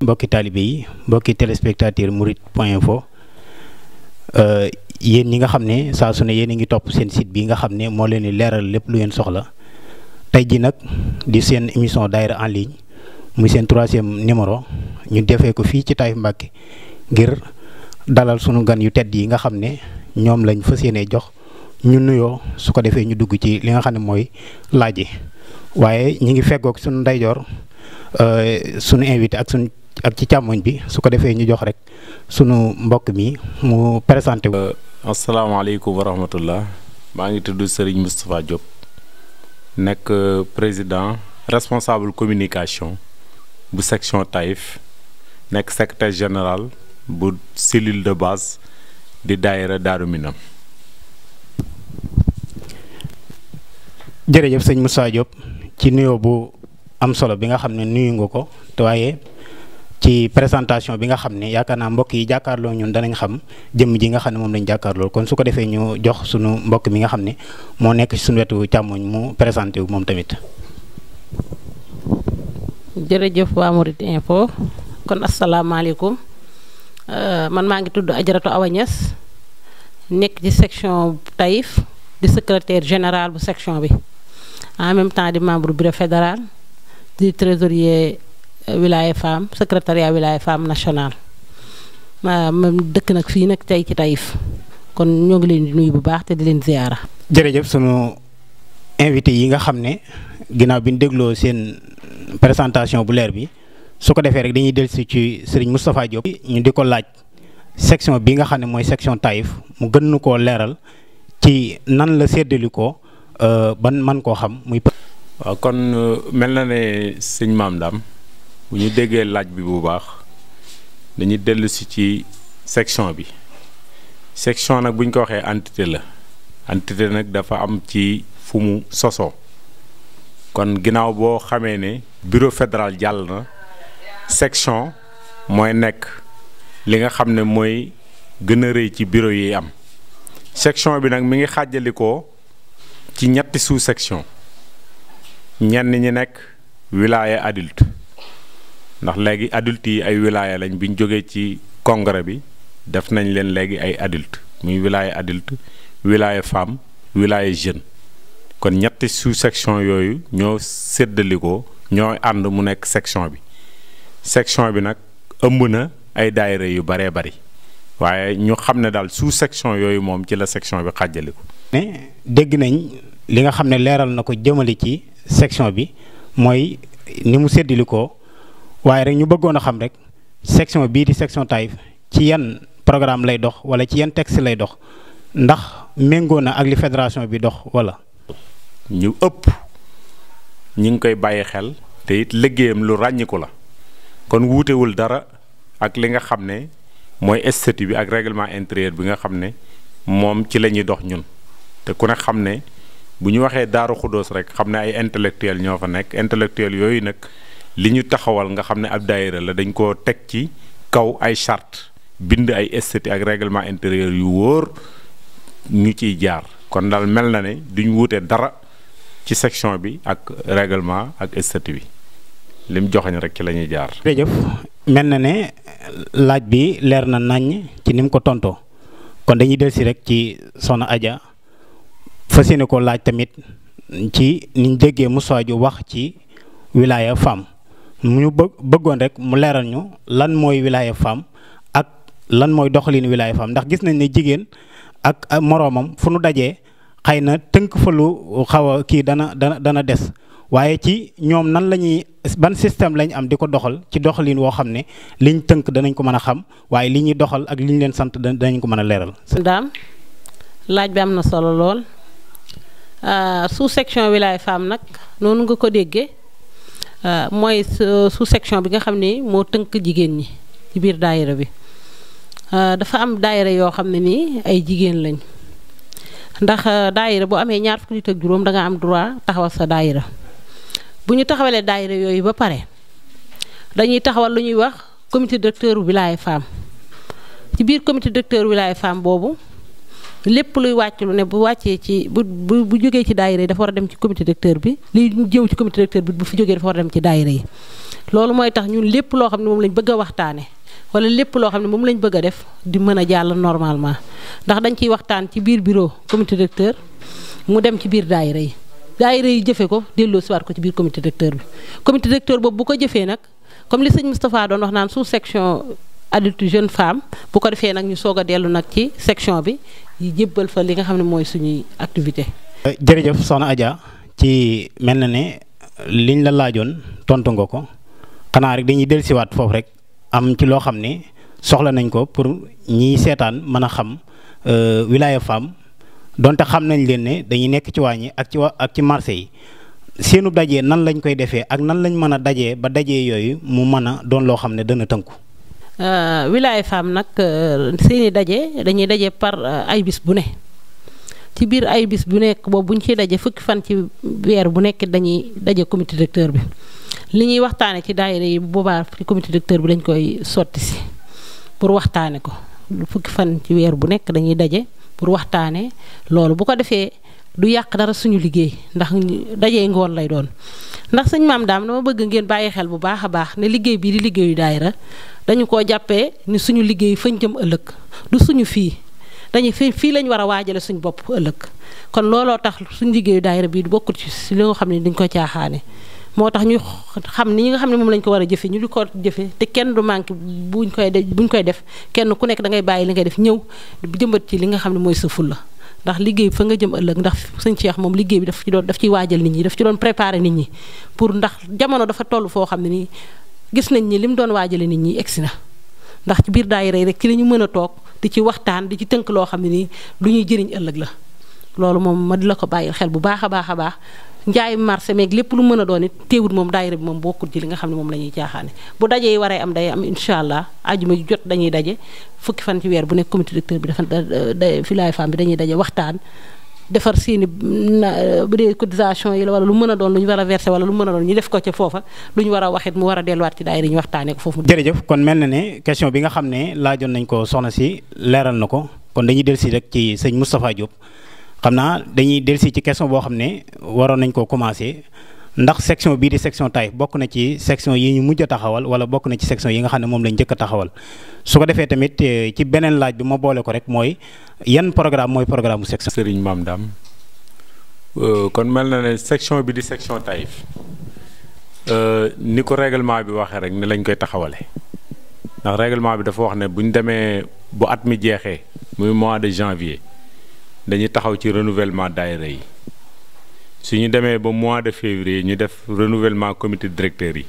mbokki taalibe yi mbokki téléspectateur murit point info euh, yéen ñi nga xam ne saa su ne yéen a ngi topp seen site bi nga xam ne moo leen di leeral lépp lu ngeen soxla tey ji nag di seen émission daayira en ligne muy seen troisième numéro ñu defee ko fii ci Taïf Mbàkke ngir dalal sunu gan yu tedd yi nga xam ne ñoom lañ fa yéenee jox ñu nuyoo su ko defee ñu dugg ci li nga xam ne mooy laaj yi waaye ñi ngi feggoog sunu ndeyjoor euh, sunu invité ak sunu ak ci càmmoñ bi su ko defee ñu jox rek sunu mbokk mi mu présenté wu. Euh, asalaamaaleykum wa rahmatullah maa ngi tudd Serigne Moustapha Diop nekk euh, président responsable communication bu section Taïf nekk secrétaire général bu cellule de base di daayira Daaru Minam. jërëjëf sëñ Moussa Diop ci nuyoo bu am solo bi nga xam ne nuyu nga ko te waaye ci présentation bi nga xam ne yaakaar naa mbokk yi jàkkaarloo ñun danañ xam jëmm ji nga xam ne moom lañ jàkkaarloo kon su ko defee ñu jox sunu mbokk mi nga xam ne moo nekk ci suñu wetu càmmoñ mu présenté wu moom tamit. jërëjëf waa Mouride info kon asalaamaaleykum euh, man maa ngi tudd Ajaratu Awa nekk ci section Taïf di secretaire général bu section bi en même temps di membre bureau fédéral di trésorier. wilaya femme secrétariat wilaya national nationale ma dëkk nag fii nag tey ci Taïf kon ñoo ngi leen di nuy bu baax te di leen ziyaara. jërëjëf sunu invité yi nga xam ne ginnaaw bi ñu dégloo seen présentation bu leer bi su ko defee rek dañuy si ci sëriñ Moustapha Diop. ñu di ko laaj section bi nga xam ne mooy section Taïf mu gën nu koo leeral ci nan la séddali ko euh, ban man koo xam muy. waaw kon euh, mel na ne sëñ Maam Dame bu ñu déggee laaj bi bu baax dañuy dellusi ci section bi section nag buñ ko waxee entité la entité nag dafa am ci fu mu sosoo kon ginnaaw boo xamee ne bureau fédéral jàll na section mooy nekk li nga xam ne mooy gën a rëy ci bureau yi am section bi nag mi ngi xàjjalikoo ci ñetti sous section ñenn ñi nekk wilaya adulte ndax léegi adultes yi ay wilaya lañ bi ñu jógee ci congrès bi def nañ leen léegi ay adulte muy wilaya adulte wilaya femme wilaya jeune kon ñetti sous-section yooyu ñoo séddalikoo ñoo ànd mu nekk section bi section bi nag ëmb na ay daayira yu baree bari waaye ñu xam ne daal sous sections yooyu moom ci la section bi xàjjaliku ne dégg nañ li nga xam ne leeral na ko jëmale ci section bi mooy ni mu séddalikoo waaye rek ñu bëggoon a xam rek section bii di section Taïf ci yan programme lay dox wala ci yan texte lay dox ndax méngoo na ak li fédération bi dox wala. ñu ëpp ñu ngi koy bàyyi xel te it liggéeyam lu ràññiku la kon wuutewul dara ak li nga xam ne mooy statut bi ak règlement intérieur bi nga xam ne moom ci la ñuy dox ñun te ku ne xam ne bu ñu waxee daaru xudóos rek xam ne ay intellectuel ñoo fa nekk intellectuel yooyu nag. liñu taxawal nga xam ne ab daayira la dañ ko tek ci kaw ay charte bind ay esthétique ak règlement intérieur yu wor ñu ci jaar kon dal mel na ne duñ wuté dara ci section bi ak règlement ak esthétique bi lim joxagn rek ci la jaar. jërëjëf mel na ne laaj bi leer na nañ ci nim ko tonto kon dañuy ci rek ci sona Adja fassiyene ko laaj tamit ci niñ déggé Moussa wax ci wilaya femme. ñu bëggoon rek mu leeral ñu lan mooy wilaya femme ak lan mooy doxalin wilaya femme ndax gis nañ ne jigéen ak moroomam fu nu dajee xëy na tënk fa lu xaw a kii dana dana dana des waaye ci ñoom nan la ñuy ban système lañ am di ko doxal ci doxalin woo xam ne liñ tënk danañ ko mën a xam waaye li ñuy doxal ak liñ leen sant danañ ko mën a leeral. daam lool ah, sous section wilaya femme nag noonu nga ko déggee. Euh, mooy su section bi nga xam ne moo tënk jigéen ñi ci biir daayira bi euh, dafa am daayira yoo xam ne nii ay jigéen lañ ndax euh, daayira boo amee ñaar fukki nit ak juróom da nga am droit taxawal sa daayira bu ñu taxawalee daayira yooyu ba pare dañuy taxawal lu ñuy wax comité directeur wilaya femme ci biir comité directeur wilaya femme boobu lépp luy wàcc lu ne bu wàccee ci bu bu bu jógee ci daayira yi dafa war a dem ci comité directeur bi liy jëw ci comité directeur bi bu fi jógee dafa war a dem ci daayira yi loolu mooy tax ñun lépp loo xam ne moom lañ bëgg a waxtaane wala lépp loo xam ne moom lañ bëgga def di mën a jàll normalement ndax dañ ciy waxtaan ci biir bureau comité directeur mu dem ci biir daayira yi daayira yi jëfe ko delloo siwaat ko ci biir comité directeur bi comité directeur boobu bu ko jëfee nag comme li sëñ Moustapha doon wax naan sous section adulte jeune femme bu ko defee nag ñu soog a dellu nag ci section bi yi jébbal fa li nga xam ne mooy suñuy activité eh, jërëjëf soxna Adja ci mel na ne liñ la laajoon tontu nga ko xanaa rek dañuy dellusiwaat foofu rek am ci loo xam ne soxla nañ ko pour ñiy seetaan mën a xam eh, wilaya femme donte xam nañ leen ne dañuy nekk ci waañ yi ak ci wa ak ci marché yi seenu dajee nan lañ koy defee ak nan lañ mën a dajee ba dajee yooyu mu mën a doon loo xam ne dana tënku. Euh, wilaaye femme nag euh, seeni daje dañuy daje par euh, ay bis bu ne ci biir ay bis bu nekk boobu bu ñu daje fukki fan ci weer bu nekk dañuy daje comité bi li ñuy waxtaane ci daayira boobaa ci comité bi dañ koy sotti si pour waxtaane ko fukki fan ci weer bu nekk dañuy daje pour waxtaane loolu bu ko defee du yàq dara suñu liggéey ndax dajee ngoon lay doon ndax sëñ maam daam dama bëgg ngeen bàyyi xel bu baax a baax ne liggéey bii di liggéeyu daayira dañu koo jàppee ni suñu liggéey fañ jëm ëllëg du suñu fii dañu fii fii lañu war a waajale suñu bopp ëllëg kon looloo tax suñu liggéeyu daayira bii du bokkul ci li nga xam ne dañ ko caaxaane moo tax ñu xam ni ñi nga xam ne moom lañ ko war a jëfe ñu di ko jëfe te kenn du manqué buñ koy def buñ koy def kenn ku nekk da ngay bàyyi li ngay def ñëw jëmbët ci li nga xam ne mooy sa la ndax liggéey fa nga jëm ëllëg ndax sëñ Cheikh moom liggéey bi daf ci doon daf ciy waajal nit ñi daf ci doon préparer nit ñi pour ndax jamono dafa toll foo xam ne nii gis nañ ni lim doon waajale nit ñi egsi na ndax ci biir daayira yi rek ci la ñu mën a toog di ci waxtaan di ci tënk loo xam ne nii lu ñuy jëriñ ëllëg la loolu moom ma di la ko bàyyil xel bu baax a baax a baax njaay marché meeg lépp lu mën a doon it téewut moom daayira bi moom bokkut ci li nga xam ne moom la ñuy jaaxaane bu daje yi waree am day am incha allah ajuma ju jot dañuy daje fukki fan ci weer bu nekk comité directeur bi dafa da filaay femme bi dañuy daje waxtaan defar seeni bu dee cotisation yi la wala lu mën a doon lu ñu war a verser wala lu mën a doon ñu def ko ci foofa lu war a waxit mu war a delluwaat ci daayira ñu waxtaanee ko foofu. jërëjëf kon mel na ne question bi nga xam ne laajoon nañ ko soxna si leeral na ko kon dañuy dellusi rek ci sëñ Moustapha Diop xam naa dañuy dellusi ci question boo xam ne waroon nañ koo commencé. ndax section bii di section Taif bokk na ci section yi ñu mujj a taxawal wala bokk na ci section yi nga xam ne moom lañ njëkk a taxawal su ko defee tamit eh, ci beneen laaj bi ma boole ko rek mooy yan programme mooy programme mu section. Serigne Mame Dame euh, kon mel na section bi di section Taif euh, ni ko règlement bi waxee rek ni lañ koy taxawale ndax réglement bi dafa wax ne bu ñu demee bu at mi jeexee muy mois de janvier dañuy taxaw ci renouvellement daayira yi su ñu demee ba mois de février ñu def renouvellement comité directeur yi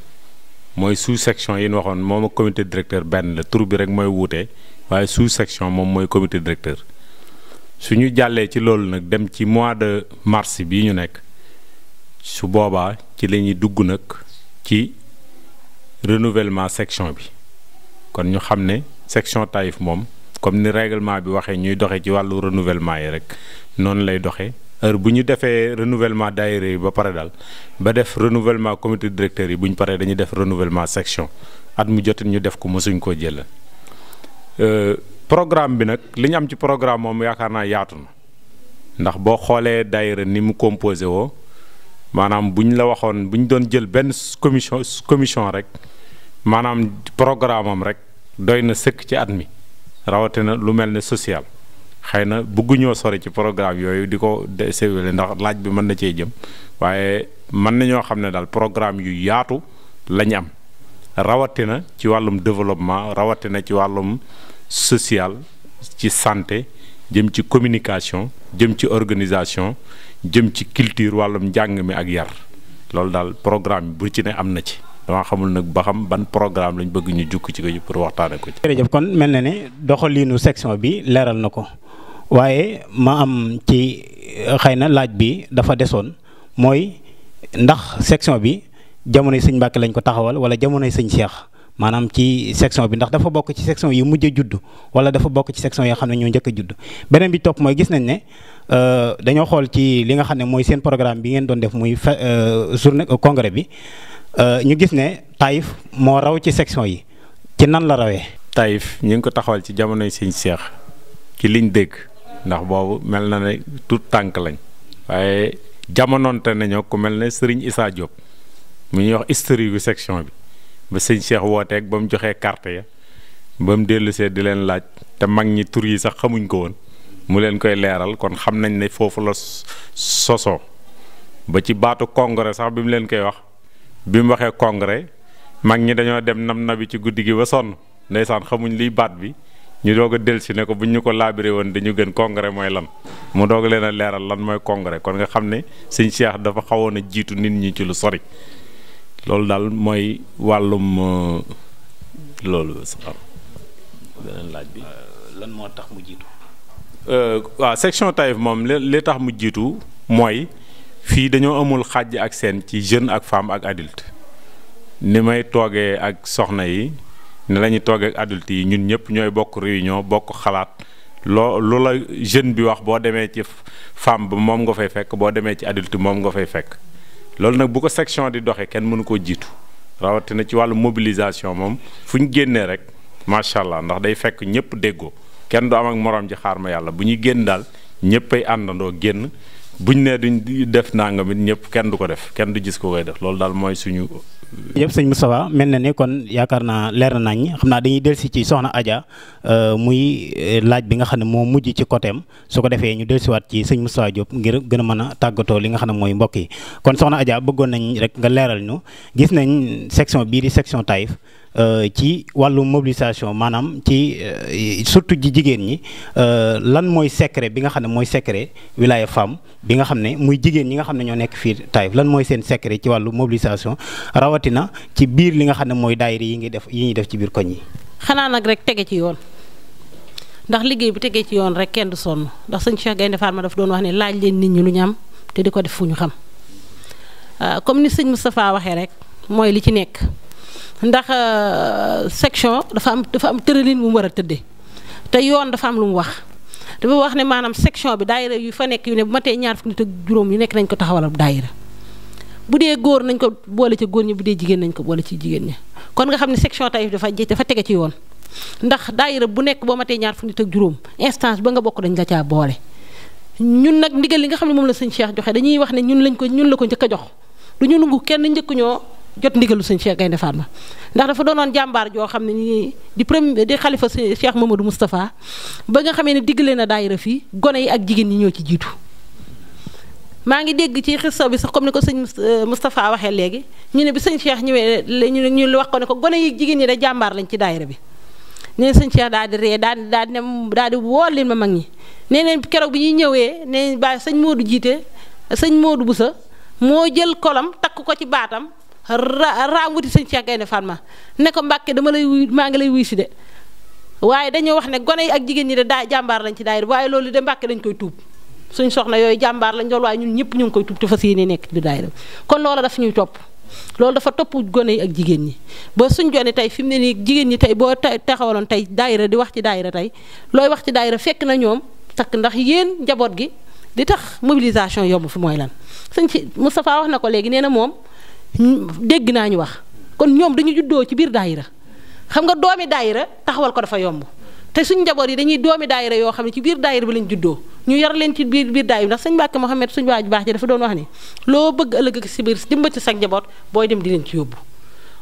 mooy sous section yi ñu waxoon moom comité directeur benn le tour bi rek mooy wuute waaye sous section moom mooy comité directeur su ñu jàllee ci loolu nag dem ci mois de mars bii ñu nek. su boobaa ci la ñuy dugg nag ci renouvellement section bi kon ñu xam section Taïf mom, comme ni règlement bi waxee ñuy doxee ci wàllu renouvellement yi rek noonu lay heure bu renouvellement d'aéré yi ba d'al. ba def renouvellement comité directeur yi bu ñu renouvellement section at mu jotin ñu def ko mësuñ ko jël euh, programme bi nak li ci programme mom yaakaar naa ndax bo xolé daayira ni mu composé wo manam buñ ben la waxon buñ doon jël ben commission commission rek manam programme am rek doyna na sëkk ci at mi na lu melni social xëy na bëgguñoo sore ci programme yooyu di ko séwéle ndax laaj bi mën na cee jëm waaye mën na ñoo xam ne daal programme yu yaatu lañ am rawatina ci wàllum développement rawatina ci wàllum social ci santé jëm ci communication jëm ci organisation jëm ci culture wàllum njàng mi ak yar loolu daal programme bu ci ne am na ci dama xamul nag ba xam ban programme lañ bëgg ñu jukk ci ko pour waxtaane ko ci. jërëjëf mel na ne doxaliinu section bi leeral na ko. waaye ma am ci eh, xëy na laaj bi dafa desoon mooy ndax section bi jamonoy sëñ Mbàkke lañ ko taxawal wala jamonoy sëñ Cheikh maanaam ci section bi ndax dafa bokk ci section yi mujj a judd wala dafa bokk ci section yoo xam ne ñoo njëkk a judd beneen bi topp mooy gis nañ ne euh, dañoo xool ci li nga xam ne mooy seen programme bi ngeen doon def muy euh, journée euh, congrès bi ñu gis ne Taïf moo raw ci section yi ci nan la rawee. Taïf ñu ngi ko taxawal ci jamonoy sëñ Cheikh ci liñ dégg. ndax boobu mel na ne tut tànk lañ waaye jamonoonte nañoo ku mel ne Serigne Issa Diop mu ñuy wax historique gu section bi ba sëñ Cheikh wooteeg ba mu joxee carte ya ba mu dellusee di leen laaj te mag ñi tur yi sax xamuñ ko woon mu leen koy leeral kon xam nañ ne foofu la sosoo ba ci baatu congrès sax bi mu leen koy wax bi mu waxee congrès mag ñi dañoo dem nam na bi ci guddi gi ba sonn ndeysaan xamuñ liy baat bi ñu doog a delsi ne ko bu ñu ko laabiré woon dañu gën congrès mooy lan mu doog leen a leeral lan mooy congrès kon nga xam ne sëñ Cheikh dafa xawoon a jiitu nit ñi ci lu sori loolu daal mooy wàllum euh, loolu beneen laaj bi euh, lan moo tax mu jiitu euh, waaw section Taïf moom li tax mu jiitu mooy fii dañoo amul xàjj ak seen ci jeune ak femme ak adulte ni may toogee ak soxna yi ne la ñuy toog ak yi ñun ñëpp ñooy bokk réunion bokk xalaat loo lu la jeune bi wax boo demee ci femme ba moom nga fay fekk boo demee ci adulte moom nga fay fekk loolu nag bu ko section di doxee kenn mënu koo jiitu rawatina ci wàllu mobilisation moom fu ñu génnee rek macha allah ndax day fekk ñëpp déggoo kenn du am moroom ji xaar ma yàlla bu ñuy génn daal ñëppay àndandoo génn buñ nee duñ def nangam it ñëpp kenn du ko def kenn du gis ko koy def loolu daal mooy suñu yëpp sëñ Moustapha mel na ni kon yaakaar naa leer na nañ xam naa dañuy delsi ci soxna Adja euh, muy euh, laaj bi nga xam ne moo mujj ci côté am su ko defee ñu delsiwaat ci sëñ Moustapha Diop ngir gën a mën a tàggatoo li nga xam ne mooy mbokk yi kon soxna aja bëggoon nañ rek nga leeral ñu gis nañ section bii di section Taïf Euh, ci wàllu mobilisation maanaam ci euh, surtout ji jigéen ñi euh, lan mooy secret bi nga xam ne mooy secret wilaya femme bi nga xam ne muy jigéen ñi nga xam ne ñoo nekk fii Taïf lan mooy seen secret ci wàllu mobilisation rawatina ci biir li nga xam ne mooy daayira yi ngi def yi ñuy def ci biir koñ yi. xanaa nag rek tege ci yoon ndax liggéey bi tegee ci yoon rek kenn du sonn ndax sëñ Cheikh Gaynde ma daf doon wax ne laaj leen nit ñi lu ñu am te di ko def fu ñu xam comme ni sëñ Moustapha waxee rek mooy li ci nekk. ndax euh, section dafa am dafa am tëralin bu mu war a tëddee te yoon dafa am lu mu wax dafa wax ne maanaam section bi daayira yu fa nekk yu ne bu matee ñaar fukki nit ak juróom yu nekk nañ ko taxawalal daayira bu dee góor nañ ko boole ci góor ñi bu dee jigéen nañ ko boole ci jigéen ñi kon nga xam ne section Taïf dafa dafa tege ci yoon ndax daayira bu nekk boo matee ñaar fukki nit ak juróom instance ba nga bokk dañ la caa boole ñun nag ndigal li nga xam ne moom la sañ Cheikh joxe dañuy wax ne ñun lañ ko ñun la ko njëkk a jox du ñu kenn njëkk ñoo jot ndigalu sëñ Cheikh Gaynde Fatma ndax dafa doonoon jàmbaar joo xam ne nii di premier di xalifa Cheikh Mamadou Moustapha ba nga xamee ne diggale na daayira fii gone yi ak jigéen ñi ñoo ci jiitu maa ngi dégg ci xisaw bi sax comme ni ko sëñ euh, Moustapha waxee léegi ñu ne bi sëñ Cheikh ñëwee ñu ñu wax ko ne ko gone yi jigéen ñi de jàmbaar lañ ci daayira bi nee sëñ Cheikh daal di ree daal di daal di ne daal di wool leen ma mag ñi nee neen keroog bi ñuy ñëwee ne baa sëñ moodu jiite sëñ bu sa moo jël kolam takk ko ci baatam ra raam wuti sëñ Cheikh Gaynde ma ne ko Mbàkke dama lay wuy maa ngi lay wuy si de waaye dañoo wax ne gone yi ak jigéen ñi de daa jàmbaar lañ ci daayira waaye loolu de Mbàkke dañ koy tuub suñ soxna yooyu jàmbaar lañ loolu waaye ñun ñëpp ñu ngi koy tuub te fas yéene nekk di daayira kon loola daf ñuy topp loolu dafa topp gone yi ak jigéen ñi boo suñ jone tey fi mu ne nii jigéen ñi tey boo taxawaloon tey daayira di wax ci daayira tey looy wax ci daayira fekk na ñoom takk ndax yéen njaboot gi di tax mobilisation yomb fi mooy lan sëñ ci Moustapha wax na ko léegi nee na moom dégg naa ñu wax kon ñoom dañu juddoo ci biir daayira xam nga doomi daayira taxawal ko dafa yomb te suñ njaboot yi dañuy doomi daayira yoo xam ne ci biir daayira bi lañ juddoo ñu yar leen ci biir biir daayira ndax sëñ Mbàkke Mohamed suñ waaju baax ji dafa doon wax ni loo bëgg ëllëg ak si biir dimbati sa njaboot booy dem di leen ci yóbbu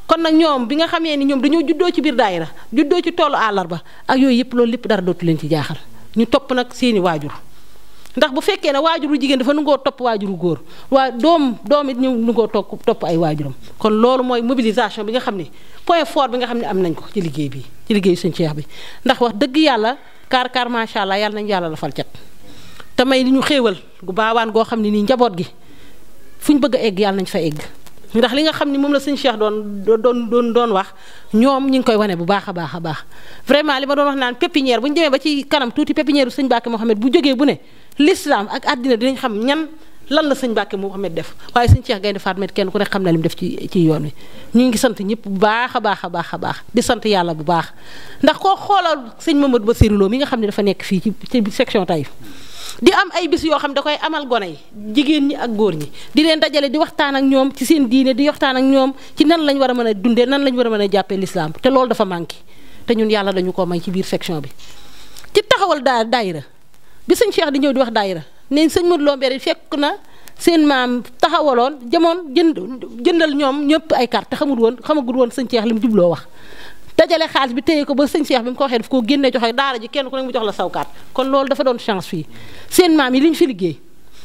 ñoom bi nga xamee ni ñoom dañoo juddoo ci biir daayira juddoo ci toolu àllarba ak yooyu yëpp loolu lépp dara dootu leen ci jaaxal ñu topp nag seeni waajur ndax bu fekkee ne waajuru jigéen dafa nu ngoo topp waajuru góor waa doom doom it ñu nu ngoo topp topp ay waajuram kon loolu mooy mobilisation bi nga xam ne point fort bi nga xam ne am nañ ko ci liggéey bi ci liggéey suñu ceex bi ndax wax dëgg yàlla kaar kaar macha allah yàlla nañ yàlla la fal cat te may ni ñu xéewal gu baawaan goo xam ne nii njaboot gi fu ñu bëgg a egg yàlla nañ fa egg ndax li nga xam ni moom la sëñ Cheikh doon doon doon doon wax ñoom ñu ngi koy wane bu baax a baax baax vraiment li ma doon wax naan pépinière bu ñu ci kanam tuuti pépinière bu sëñ Bakhy bu jógee bu ne l'islam ak àddina dinañ xam ñan lan la sëñ Mbàkke Mouhamed def waaye sëñ Cheikh Gaynde Fatma kenn ku ne xam na lim def ci ci yoon wi ñu ngi sant ñëpp bu baax a baax a baax a baax di sant yàlla bu baax ndax koo xoolal sëñ Mamadou ba Lo mi nga xam ne dafa nekk fii ci ci section Taïf di am ay bis yoo xam da koy amal gone yi jigéen ñi ak góor ñi di leen dajale di waxtaan ak ñoom ci seen diine di waxtaan ak ñoom ci nan lañ war a mën a dundee nan lañ war a mën a jàppee lislaam te loolu dafa manqué te ñun yàlla dañu ko may ci biir section bi ci taxawal daa daayira bi sëñ Cheikh di ñëw di wax daayira ne sëñ Modou Lo Mbéri fekk na seen maam taxawaloon jamoon jënd jëndal ñoom ñëpp ay carte xamul woon xamagul woon sëñ Cheikh li mu jubloo wax dajale xaalis bi téye ko ba sëñ Cheikh bi mu ko waxee daf koo joxe daara ji kenn ku ne jox la sawkaat kon loolu dafa doon chance fii seen maam yi li ñu fi liggéey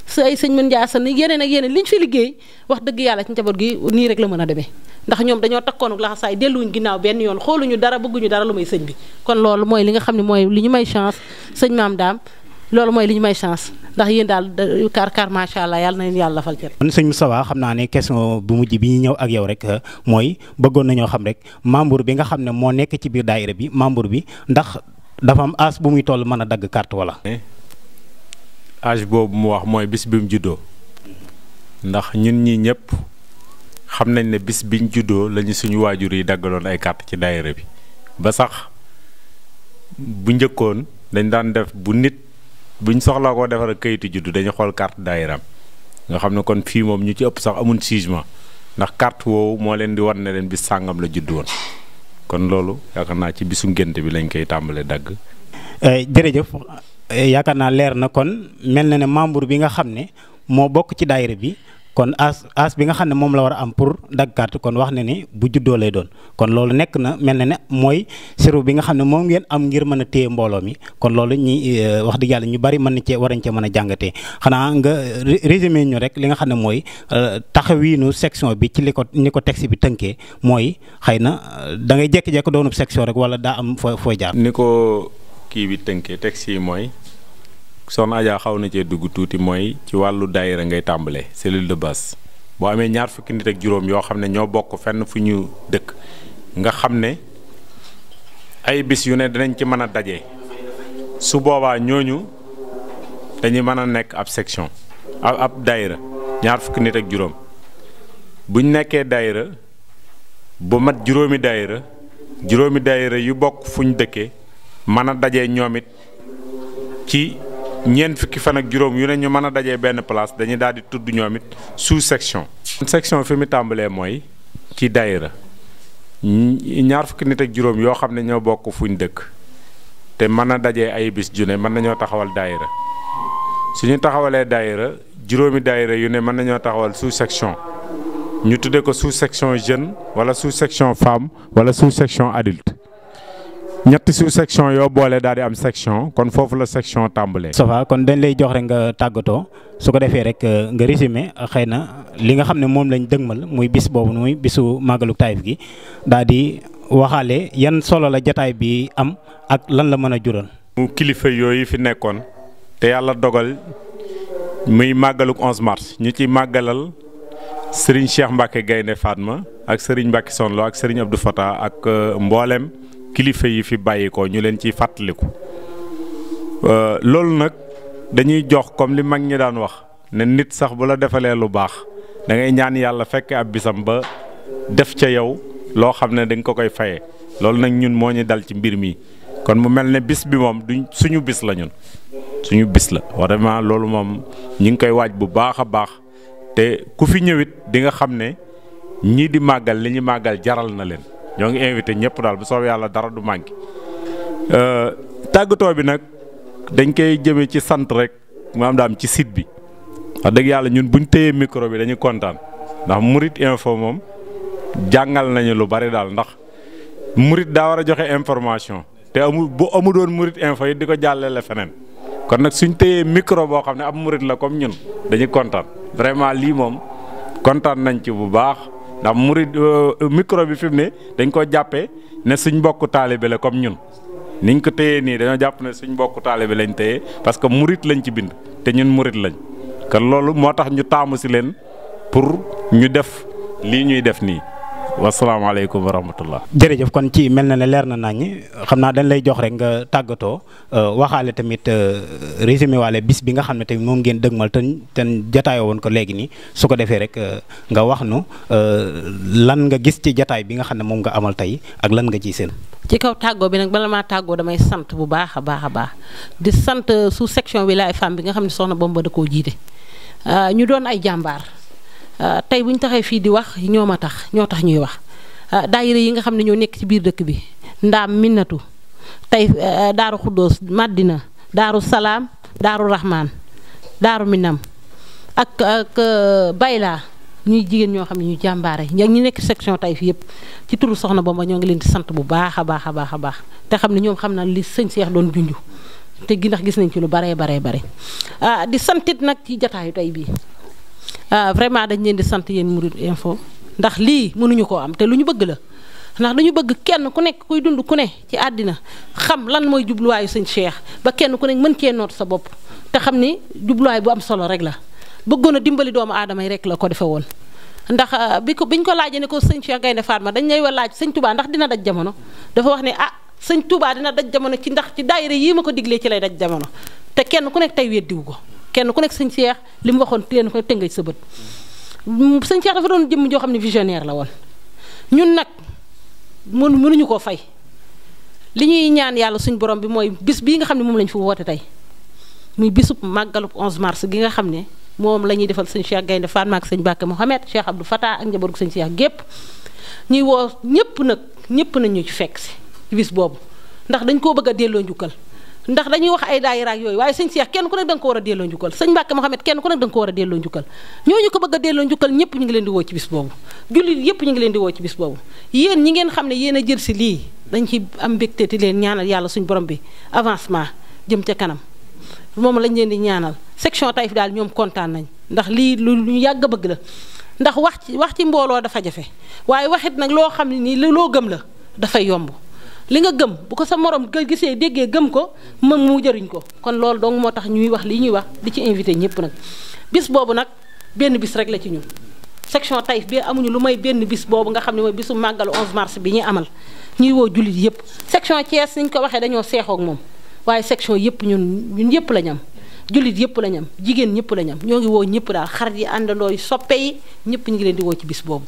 sa ay sëñ mën njaasan yeneen ak yeneen li ñu fi liggéey wax dëgg yàlla ci njaboot gi nii rek la mën a demee ndax ñoom dañoo takkoonuk laxasaay delluwuñ ginnaaw benn yoon xooluñu dara bëgguñu dara lu may bi kon loolu li nga xam ne mooy li ñu may chance sëñ maam daam loolu mooy li ñu may chance ndax yéen daal kar kar macha allah yàlla na leen yàlla fal jël. man sëñ Moustapha xam naa ne question bu mujj bi ñu ñëw ak yow rek mooy bëggoon nañoo xam rek membre bi nga xam ne moo nekk ci biir daayira bi membre bi ndax dafa am âge bu muy toll mën a dagg carte wala. Eh, âge boobu mu wax mooy bis bi mu juddoo ndax ñun ñi ñëpp xam nañ ne bis biñ juddoo lañu suñu waajur yi daggaloon ay carte ci daayira bi ba sax bu njëkkoon dañ bu buñ soxlaa koo defar kayitu juddu dañu xool carte daayiram nga xam ne kon fii moom ñu ci ëpp sax amun jugement ndax kart woowu moo leen di wan na leen bis sàngam la juddu woon kon loolu yaakaar naa ci bisu ngénte bi lañ koy tàmbalee dagg. Eh, jërëjëf eh, yaakaar naa leer na kon mel na ne membre bi nga xam ne moo bokk ci daayira bi kon as bi nga xam ne moom la war a am pour dagg carte kon wax ne ni bu juddoo lay doon kon loolu nekk na mel na ne mooy sero bi nga xam ne moom ngeen am ngir mën a téye mbooloo mi kon loolu ñi euh, wax dëgg yàlla ñu bari mën na cee war nañ cee mën a jàngatee xanaa nga résumé ñu rek li nga xam ne mooy euh, taxawiinu section bi ci li ko ni ko texte bi tënkee mooy xëy na euh, da ngay jékki-jékki doonub section rek wala daa am foo foo jaar. ni ko kii bi tënkee texte yi mooy. soxna Adja xaw na cee dugg tuuti mooy ci wàllu daayira ngay tàmbale cellule de base boo amee ñaar fukki nit ak juróom yoo xam ne ñoo bokk fenn fu ñu dëkk nga xam ne ay bis yu ne dinañ ci mën a daje su boobaa ñooñu dañuy mën a nekk ab section ab ab daayira ñaar fukki nit ak juróom buñ nekkee daayira bu mat juróomi daayira juróomi daayira yu bokk fu ñu dëkkee mën a daje ñoom it ci. ñeent fukki fan ak juroom yu ne ñu mën a dajee benn place dañuy daal di tudd ñoomit sous section. section fi mu tàmbalee mooy ci daayira ñaar fukki nit ak juróom yoo xam ne ñoo bokk fuñ dëkk te mën a dajee ay bis ju ne mën nañoo taxawal daayira suñu taxawalee daayira juróomi daayira yu ne mën nañoo taxawal sous section ñu tuddee ko sous section jeune wala sous section femme wala sous section adulte ñetti sous section yo bolé daal di am section kon fofu la section tàmbalee. Moustapha kon dañ lay jox rek nga tàggatoo su ko defee rek euh, nga résumé euh, xeyna li nga xamné mom lañ dëgmal muy bis bobu muy bisu magaluk Taïf gi daal di yan solo la jotaay bi am ak lan la mëna jural. mu kilifa yoy fi nekkoon té yalla dogal muy magaluk 11 mars ñu ci magalal Serigne Cheikh Mbacke Gaynde Fatma ak Serigne Mbacke Sonlo ak Serigne Abdou Fata ak euh, mboolem. kilifa yi fi bàyyikoo ñu leen ciy fàttaliku euh, loolu nag dañuy jox comme li mag ñi daan wax ne nit sax bu la defalee lu baax da ngay ñaan yàlla fekk ab bisam ba def ca yow loo xam ne dañ ko koy faye loolu nag ñun moo ñu dal ci mbir mi kon mu mel ne bis bi moom duñ suñu bis la ñun suñu bis la vraiment loolu moom ñi ngi koy waaj bu baax a baax te ku fi ñëwit di nga xam ne ñii di màggal li ñu màggal jaral na leen. ñoo ngi invité ñëpp daal bu soobee yàlla dara du manqué euh, tàggatoo bi nag dañ koy jëmee ci sant rek am daam ci site bi wax dëgg yàlla ñun buñ téyee micro bi dañuy kontaan ndax Murit Info moom jàngal nañu lu bari daal ndax Murit daa war a joxe information te amul bu amu doon Murit Info yi di ko jàllale feneen kon nag suñ téyee micro boo xam ne am Murit la comme ñun dañuy kontaan vraiment lii moom kontaan nañ ci bu baax. ndax murid euh, euh, micro bi fi ne dañ ko jàppee ne suñ mbokku taalibe le comme ñun niñ ko téyee nii dañoo jàpp ne suñ mbokku taalibe lañ téyee parce que murid lañ ci bind te ñun murid lañ kon loolu moo tax ñu taamu si leen pour ñu def lii ñuy def nii. wasalaamaaleykum wa rahmatullah jërëjëf kon ci mel na ne leer na naññ xam naa dañ lay jox rek nga tàggatoo euh, waxaale tamit euh, résumé waale bis bi nga xam ne tamit moom ngeen dëgmal te ten jataayoo woon ko léegi nii su ko defee rek euh, nga wax nu lan nga gis ci jataay bi nga xam ne moom nga amal tey ak lan nga ciy seen ci kaw tàggoo bi nag bala maa tàggoo damay sant bu baax a baax a baax di sant su section wilaya femme bi nga xam ne soxna Bamba da koo jiite ñu doon ay jàmbaar Euh, tay buñ taxé fi di wax ñoma tax ño tax ñuy wax euh, daayira yi nga xamni ño ñoo nekk ci biir dëkk bi ndaam minatu tay euh, daaru khudus madina daaru salam daaru rahman daaru minam ak ak bayla ñuy jigen ño xamni ñu jambaare ñi nekk section tay fi yëpp ci turu soxna Bamba ñoo ngi leen di sant bu baaxa baaxa baaxa baax te xam ñoom na li señ cheikh doon junju te gi ndax gis nañ ci lu bare bare bare ah di santit nak ci jotaay tay bi Euh, vraiment dañ leen di sant yéen Mouride info ndax lii mënuñu koo am te lu ñu bëgg la ndax dañu bëgg kenn ku nekk kuy dund ku ne ci àddina xam lan mooy jubluwaayu sëñ Cheikh ba kenn ku nekk mën cee noot sa bopp te xam ni jubluwaay bu am solo rek la bëggoon a dimbali doomu aadama yi rek la ko defee woon. ndax euh, bi ko biñ ko laajee ne ko sëñ Cheikh Gaynde ma dañ lay wa laaj sëñ Touba ndax dina daj jamono dafa wax ne ah sëñ tubaa dina daj jamono ci ndax ci daayira yii ma ko diglee ci lay daj jamono te kenn ku nekk tey weddiwu ko. kenn ku nek seigne Cheikh lim waxone waxoon kenn tengay nekk tëngëj sa Cheikh dafa doon jëm jo xamni visionnaire la won ñun nak mënu mënuñu koo fay li ñuy ñaan yalla suñu borom bi moy bis bi nga xamni mom lañ fi wote tay muy bisup magalup 11 mars gi nga xamni mom lañuy defal seigne Cheikh Gaynde Fatma mak seigne bakay mohammed Cheikh Abdou Fatah ak njaboru seigne Cheikh gep ñuy wo ñepp nak ñepp nañu ci fekk ci bis bobu ndax dañ ko bëgg a ñukal ndax dañuy wax ay daayira ak yooyu waaye sëñ Cheikh kenn ku nekk da nga ko war a delloo njukkal sëñ Mbacke Mouhamed kenn ku nekk da ko war a delloo njukkal ñooñu ko bëgg a delloo njukkal ñëpp ñu ngi leen di woo ci bis boobu jullit yëpp ñu ngi leen di woo ci bis boobu yéen ñi ngeen xam ne yéen a jël si lii dañ ci am mbégte di leen ñaanal yàlla suñu borom bi avancement jëm ca kanam moom lañ leen di ñaanal section Taïf daal ñoom kontaan nañ ndax lii lu ñu yàgg bëgg la ndax wax ci wax ci mbooloo dafa jafe waaye waxit nag loo xam ne nii loo gëm la dafay yomb li nga gëm bu ko sa morom ko gisee déggee gëm ko moom mu jëriñ ko kon loolu dong moo tax ñuy wax lii ñuy wax li ci invité ñëpp nag bis boobu nag benn bis rek la ci ñun section Taïf bi amuñu lu may benn bis boobu nga xam ne mooy bisu màggalu 11 mars bi ñuy amal ñuy woo jullit yëpp section Thiès niñ ko waxee dañoo seexook moom waaye section yëpp ñun ñun yëpp la ñam jullit yëpp la ñam jigéen ñëpp la ñam ñoo ngi woo ñëpp daal xar yi àndandoo yi soppe yi ñëpp ñu ngi leen di woo ci bis boobu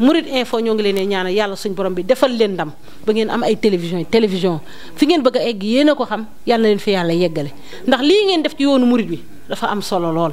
Mouride info ñoo ngi leen ñaan yàlla suñ borom bi defal leen ndam ba ngeen am ay télévision télévision fi ngeen bëgg a egg yéen ko xam yàlla na leen fi yàlla yeggale ndax lii ngeen def ci yoonu murit bi dafa am solo lool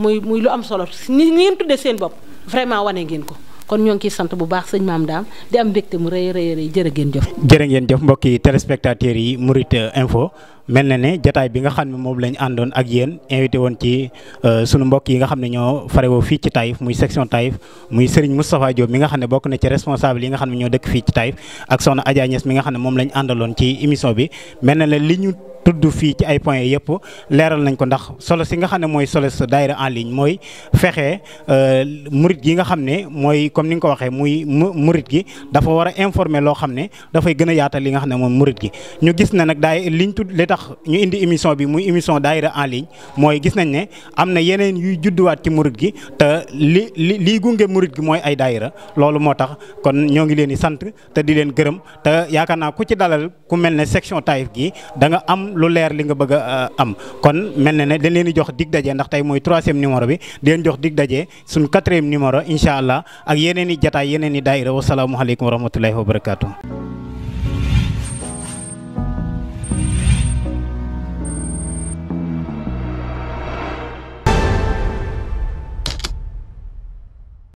muy muy lu am solo ni ngeen tuddee seen bopp vraiment wane ngeen ko. kon ñoo ngi sant bu baax sëñ maam daam di am mbégte mu rëy rëy rëy jërë ngeen jëf jërë ngeen jëf mbokki téléspectateurs yi Mouride Info mel na ne jataay bi nga xam ne moom lañ àndoon ak yéen invité woon ci euh, sunu mbokk yi nga xam ne ñoo farewoo fii ci Taïf muy section Taïf muy Serigne Moustapha Diop mi nga xam ne bokk na ci responsable yi nga xam ne ñoo dëkk fii ci Taïf ak soxna Adja mi nga xam ne moom lañ àndaloon ci émission bi mel na ne li ñu tudd fii ci ay points yëpp leeral nañ ko ndax solo si nga xam ne mooy solo sa daayira en ligne mooy fexe euh, murit gi nga xam ne mooy comme ni nga ko waxee muy murit gi dafa war a informer loo xam ne dafay gën a yaatal li nga xam ne moom murit gi ñu gis ne nag daay liñ tudd li tax ñu indi émission bi muy émission daayira en ligne mooy gis nañ ne am na yeneen yuy judduwaat ci murit gi te li li liy gunge murit gi mooy ay daayira loolu moo tax kon ñoo ngi leen di sant di leen gërëm gi lu leer li nga bëgg euh, am kon mel na ne dañ leen di jox dig daje ndax tey mooy troisième numéro bi di jox dig daje suñ quatrième numéro incha allah ak yeneen i jataay yeneen i daayira wasalaamualeykum wa rahmatullahi wa barakaatu.